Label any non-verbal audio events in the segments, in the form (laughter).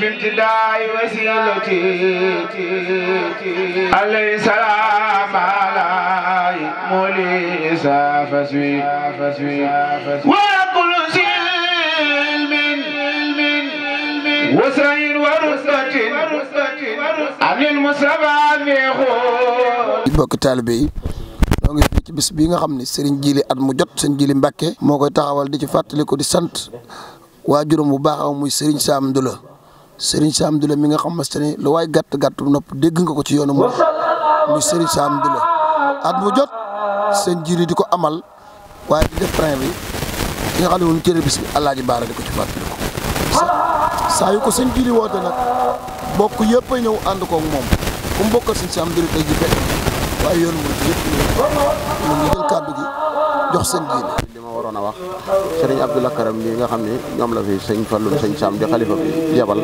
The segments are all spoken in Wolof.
بابتداء وسيلتي عليه السلام علي مولي سافسوي وكل سلم وسرين ورسلة عن المصطفى بك تالبي ñoo ngi fii ci bis bii nga xam ne sëriñ Jili at mu jot sëriñ Jili Mbàkke moo koy taxawal di ci fàttali ko di sant waajuram bu baax a muy sëriñ Saam Ndula Serigne Sam Doulé mi nga xamante ne lu waaye gàtt gàtt nopp dégg nga ko ci yoonu moom muy Serigne Sam Doulé at mu jot seen jiiri di ko amal waaye di def train bi ki nga xam ne moom cër bis bi Alaaji Baara di ko ci fàttaliku saa yu ko seen jiiri woote nag bokk yëpp ñëw ànd koog moom bu mu bokkal Serigne Sam Doulé tey ji fekk waaye yoonu moom yëpp ñu ngi jël kàddu gi jox seen jiiri. waroon a wax sëriñ Abdou Lakaram bi nga xam ne ñoom la fi sëñ Fallu sëñ Sam di xalifa bi yebal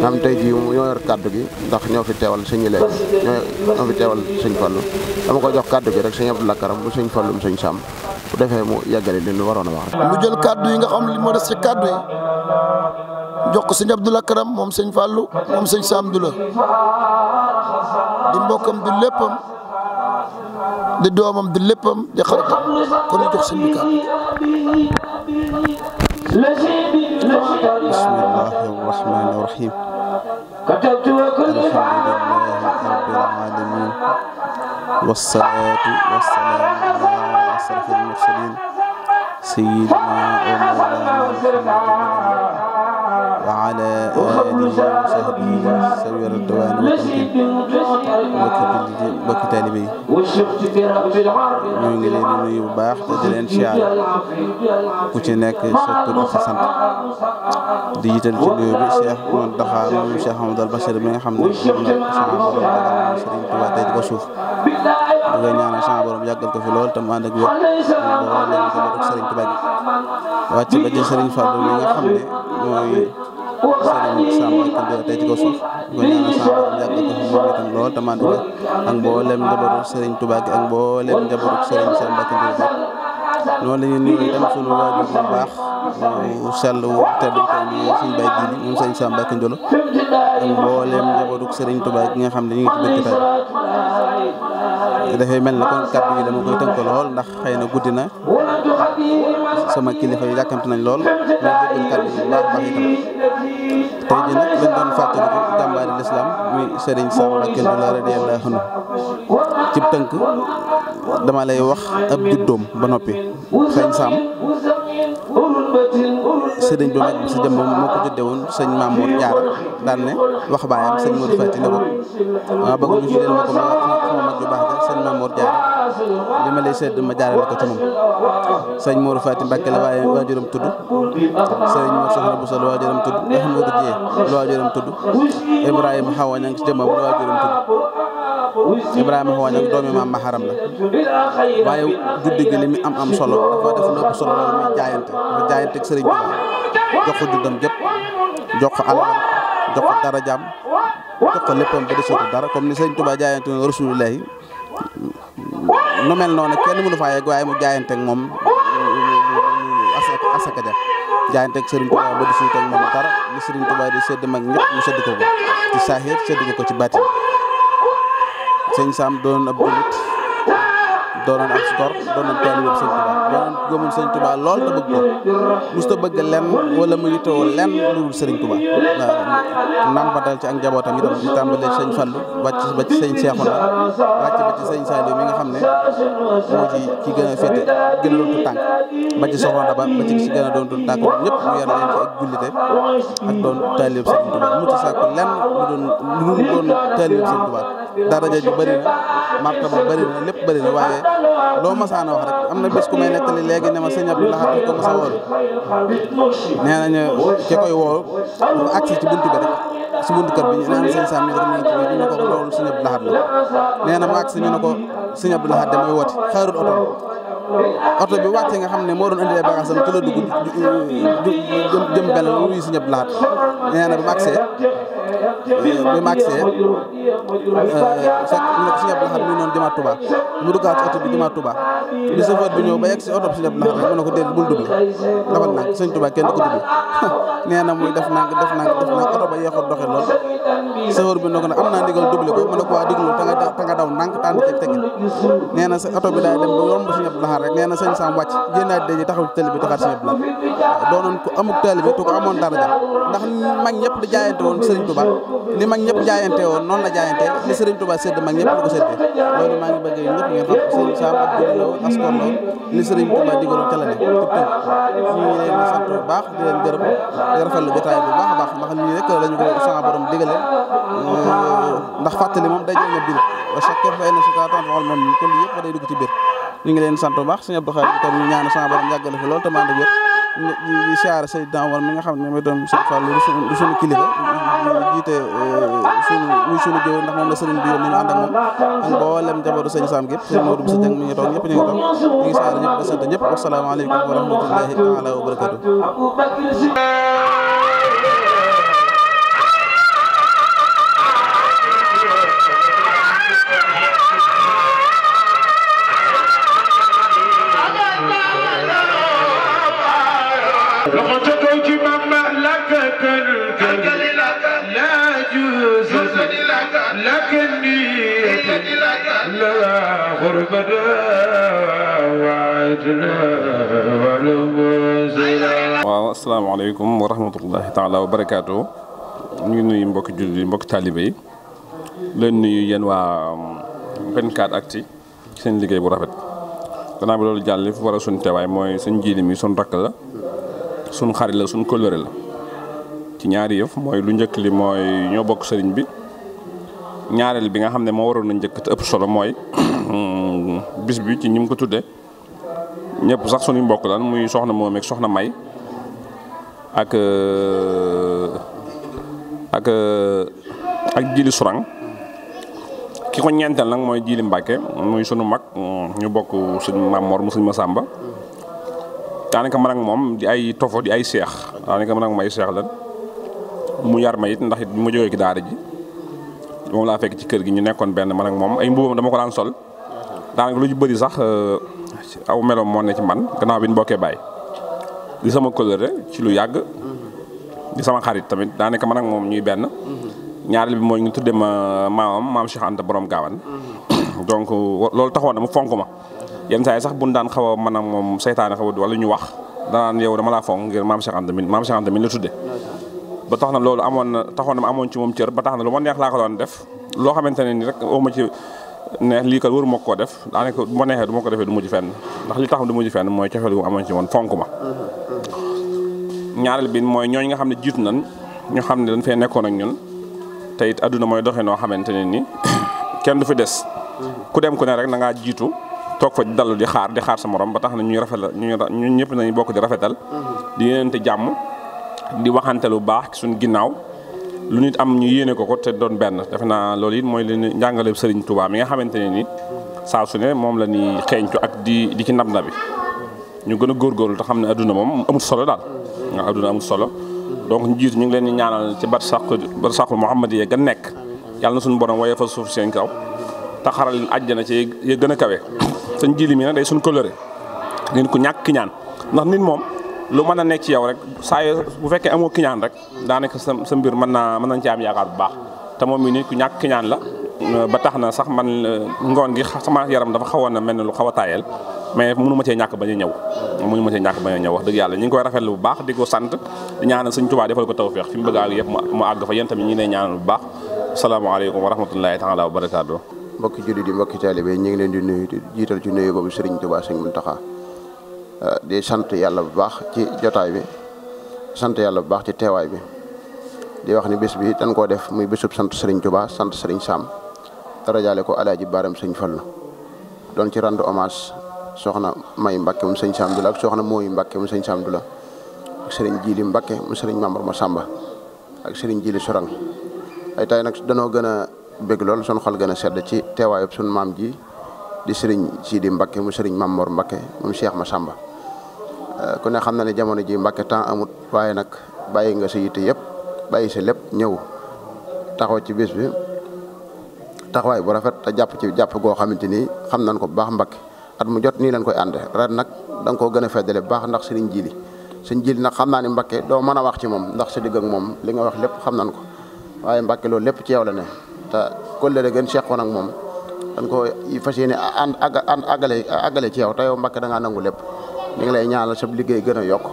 nga xam tey jii ñoo yor kàddu gi ndax ñoo fi teewal sëñu léegi ñoo fi sëñ Fallu dama ko jox kàddu gi rek sëñ Abdou Lakaram bu sëñ Fallu sëñ Sam bu defee mu yeggale li ñu waroon a wax. kàddu yi nga xam li moo des ci kàddu jox ko sëñ Abdou Lakaram moom sëñ Fallu moom sëñ Sam du la di mbokkam di léppam. di doomam di léppam di xaritam kon ñu jox sëñ bi kàddu bismillahi rahmani rahim alhamdulillahi rabbil alamin wassalatu wassalamu ala asrafil mursalin sayyidina wa mawlana وعلى آله وصحبه سوير الدوان mbokki taalibe yi ñu ngi leen di nuyu bu baax te di leen siyaar ku ci nekk sa tur sa sant di jiital ci nuyu bi Cheikh Mountakha moom Cheikh Amadou Bachir mi nga xam ne moom la sama borom dagal Serigne Touba tey di ko suuf di nga ñaanal sama borom yàggal ko fi lool te mu ànd ak wér leen sama Serigne Touba gi wàcc ba ci Serigne Fallou mi nga xam ne mooy Serigne Samba Kandoor tey ci kaw suuf ñu ko ñaanal sama borom yàgg ko fi lool te maandu ko ak mboolem njabootu Serigne Touba gi ak mboolem njabootu sëriñ Samba Kandoor bi noonu la ñuy nuyoo itam sunu waajur bu baax mu sell mu tedd tey bi suñ bay ji bi moom sëñ Sam Mbacké Ndiolo ak xam ne ñu ngi ci dëkk dafay mel ne kon kàddu yi dama koy tënk lool ndax xëy na guddi na sama kilifa yi yàkkamti nañ lool ma jëggal kàddu yi bu baax baax itam tey ji nag lañ doon fàttali ko jàmbaari l'islam muy Serigne Sam Mbacké Ndiolo radiyallahu anhu ci tënk dama lay wax ab juddoom ba noppi sëñ Sam sëriñ bi mag bi si jëmm moo ko jëdde woon sëñ Mamour Diarra daan ne wax baayam sëñ Modou Fati ne ko waaw bëgg ñu tuddee sedd ma jaarale ko ci moom sëñ la waaye waajuram tudd sëñ Mor Soxna Bousso la waajuram tudd Ahmadou Dieye la waajuram tudd Ibrahima Xawa ña si jëmmam la waajuram tudd Ibrahima Xooñ ak doomi maam Maharam la waaye guddi gi li mi am am solo dafa def lu ëpp solo loolu muy jaayante dafa jaayante ak sëriñ bi jox ko juddam jëpp jox ko alal jox ko dara jàmm jox ko léppam ba desutu dara comme ni sëriñ Tuubaa jaayante na rasulullahi nu mel noonu kenn mënu faa yegg waaye mu jaayante ak moom asaka asaka ja jaayante ak sëriñ Tuubaa ba desutu ak moom dara li sëriñ Tuubaa di sedd mag ñëpp mu sedd ko ko ci saahir sedd ko ko ci baatin sëñ Sam doonoon ab julit doonoon ak stor doonoon taalibe sëñ Tuubaa doonoon gëmul sëñ Tuubaa lool te bëgg ko musta bëgg lenn wala mu yittewoo lenn lu dul sëriñ Tuubaa waaw nampatal ci ak njabootam itam di tàmbalee sëñ Fallu wàcc ba ci sëñ Seexuna wàcc ba ci sëñ Saaliw mi nga xam ne moo ci ci gën a féete gën tànk ba ci soxna Daba ba ci si doon tu tànk ñëpp ak jullite ak doon taalibe daraja ji bëri na martaba bëri lépp bëri na waaye loo masaana wax rek am na bés ku may nettali léegi ne ma sëñ Abdou Lahad ko masa woolu nee nañu ki koy woo dafa agsi ci buntu bi rek si buntu kër bi ñu naan sëñ Sam ñu ne ko ñu ne ko na mu agsi ñu ne ko sëñ Abdou Lahad damay woote xaarul oto oto bi wàcce nga xam ne moo doon indi ay bagages am ci dugg jëm jëm benn wuyu si ñëpp laat nee na bu màgsee bu màgsee fekk ñu ne si ñëpp laat ñu noonu jëmaat Touba mu duggaat ci oto bi jëmaat Touba bi ñëw ba yegg si oto bi si ñëpp laat mu ne ko déet bul (laughs) na muy def nag def nag def oto ba yeexoon doxee lool chauffeur bi ne ko nag am naa ndigal double ko mu ne ko waa diglu ta nga daw ndànk tànn teg tegin nee na sa oto bi daay dem ba yomb si ñëpp laat rek nee na sëñ Sam wàcc génnaat dañuy taxaw ci télé bi taxaat sëñ Abdou Lahad doonoon ko amuk télé bi te ko amoon daraja ndax mag ñëpp di jaayante woon Serigne Touba ni mag ñëpp jaayante woon noonu la jaayante li Serigne Touba sédd mag ñëpp la ko séddee loolu maa ngi bëgg yéen ñëpp ngeen xam sëñ Sam ak Abdou Lahad Ascor la li Serigne Touba digaloon ca la ne cib tënk ñu ngi leen di sant bu baax di leen gërëm di rafetlu jotaay bu baax a baax ndax nii rek lañu ko sama borom digale ndax fàttali moom day jël na biir chaque fois ay na si kaa tànn xool moom kon yëpp day dugg ci biir ñu ngi leen sant bu baax sëñ Abdou Khadre tam ñu ñaan sama borom yàggal fi lool te maa ngi wér di siyaare Seydina Omar mi nga xam ne mooy doom sëñ Fallu di suñu kilifa jiite euh, suñu muy suñu jëw ndax moom la sëriñ bi yónni ñu ànd ak moom ak mboolem njabootu sëñ Sam gépp sëñ Modou Bousso Dieng mi ngi toog ñëpp ñu ngi toog ñu ngi siyaare ñëpp di sant ñëpp wasalaamaaleykum wa rahmatullahi taala wa barakatu waaw asalaamaaleykum wa rahmatullahi taala wa barakaatu ñu ngi nuyu mbokki jullit yi mbokki taalibe yi leen nuyu yéen waa 24 um, ci seen liggéey bu rafet gannaaw bi loolu jàll fu war a suñ teewaay mooy suñ jiili mi suñ rakk la suñ xarit la suñ kóllëre ci ñaari yëf mooy lu njëkk li mooy ñoo bokk sëriñ bi ñaareel bi nga xam ne moo waroon na njëkk te ëpp solo mooy Euh, bis bi ci ñi ko tuddee ñëpp sax suñu mbokk lan muy soxna moom ak soxna May ak euh, ak euh, ak Jili Surang ki ko ñeenteel nag mooy Jili Mbàkke muy sunu mag ñu bokk suñu maam Mor mu suñu Masamba daanaka man ak moom di ay tofo di ay seex daanaka man ak moom ay seex lan mu yar ma it ndax it bi ma jógee ci daara ji moom laa fekk ci kër gi ñu nekkoon benn man ak moom ay mbubam dama ko daan sol daanaka lu ñu bëri sax euh, aw meloom moo ne ci man gannaaw bi ñu bokkee bàyyi di sama colère ci lu yàgg. di sama xarit tamit daanaka man ak moom ñuy benn. ñaareel bi mooy ñu tuddee ma maamam maam Cheikh borom Gaawaan. (coughs) donc loolu taxoon na mu ma. yenn saa yi bu daan xaw a mën moom seytaane xaw a wala ñu wax danaan yow dama laa fonk ngir maam Cheikh Anta mi maam Cheikh Anta mi la tuddee. ba tax na loolu amoon na taxoon na amoon ci moom cër ba tax na lu ma neex laa ko doon def loo xamante ne ni rek waxuma ne lii kat wër koo def daanaka bu ma neexee du ma ko defee du mujj fenn ndax li taxam du mujj fenn mooy cofeel gu mu amoon ci woon fonk ma ñaareel bi mooy ñooñ nga xam ne jiitu nañ ñu xam ne dañ fee nekkoon ak ñun te it adduna mooy doxee noo xamante ne nii (coughs) kenn du fi des ku dem ku ne rek na ngaa jiitu toog fa dallu di xaar di xaar sa morom ba tax na ñuy rafetal ñun ñëpp nañu bokk di rafetal di yéeneente jàmm di waxante lu baax suñ ginnaaw lu nit am ñu yéene ko ko te doon benn defe naa loolu it mooy leen njàngale Serigne Touba mi nga xamante ne ni saa su ne moom la ñuy xeeñtu ak di di ci nab nabi ñu gën a góorgóorlu te xam ne adduna moom amul solo daal nga adduna amul solo donc ñu ñu ngi leen di ñaanal ci bar sàq bar sàqul Muhammad yee gën nekk yàlla na suñu borom waaye fa suuf seen kaw te xaral àjjana ci ye gën a kawe sañ jili mi day suñ coloré nit ku ñàkk ñaan ndax nit lu mën a nekk ci yow rek saa yoo bu fekkee amoo kiñaan rek daanaka sa sa mbir mën naa mën nañ ci yaakaar bu baax te moom mi nit ku ñàkk kiñaan la ba tax na sax man euh, ngoon gi sama yaram dafa xawoon na mel ne lu xaw a taayal mais mënu ma a ñëw ma cee ñàkk bañ a ñëw wax dëgg yàlla ñu ngi koy rafetlu bu baax di ko sant di ñaanal Sëñ Tuubaa defal ko tawfeex fi mu bëgg a àgg yëpp mu àgg fa yéen tamit ñi ñaanal bu baax salaamaaleykum wa rahmatullahi taala wa mbokki julli leen di nuyu jiital ci nuyu boobu Euh, di sant yàlla bu baax ci jotaay bi sant yàlla bu baax ci teewaay bi di wax ni bés bi dañ koo def muy bésub sant Serigne Touba sant Serigne Sam dara jaale ko alaaji baaram sëñ Fallu doon ci rendre hommage soxna May Mbacke mu sëñ Sam Dula ak soxna Mooy mbakke mu sëñ Sam Dula ak Serigne Jili Mbacke mu Serigne Mamar Masamba ak Serigne Jili Sorang ay tay nag danoo gën a bëgg lool sun xol gën a sedd ci teewaayub sun maam ji. di sëriñ siidi Mbakke mu sëriñ Mamor Mbakke moom Cheikh Massamba eh, ku ne xam na ne jamono ji Mbakke temps amut waaye nag bàyyi nga sa yitte yëpp bàyyi sa lépp ñëw taxaw ci bis bi taxawaay bu rafet te jàpp ci jàpp goo xamante ni xam nañ ko bu baax Mbakke at mu jot nii lañ koy ànd ren nag da nga koo gën a feddale bu baax ndax sëriñ Jili sëriñ Jili nag xam naa ne Mbakke doo mën a wax ci moom ndax sa ak moom li nga wax lépp xam nañ ko waaye Mbakke loolu lépp ci yow la ne te kóllëre gën seqoon ak moom dañ ko fas yéene ànd ànd àggale àggale ci yow te yow Mbàkke da ngaa nangu lépp ñu ngi lay ñaanal sa liggéey gën a yokk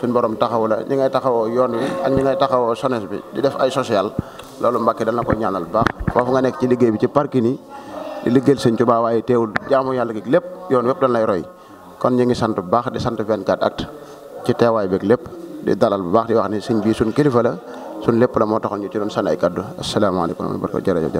suñ borom taxaw la ñi ngay taxawoo yoon wi ak ñi ngay taxawoo sones bi di def ay social loolu Mbàkke dana ko ñaanal bu baax foofu nga nekk ci liggéey bi ci parking yi di liggéeyal Sëñ Tuubaa waaye teewul jaamu yàlla gi lépp yoon wépp dañ lay roy kon ñu ngi sant bu baax di sant 24 actu ci teewaay beeg lépp di dalal bu baax di wax ni sëñ bi suñ kilifa la lépp la moo taxoon ñu ci doon sànni ay kaddu asalaamaaleykum wa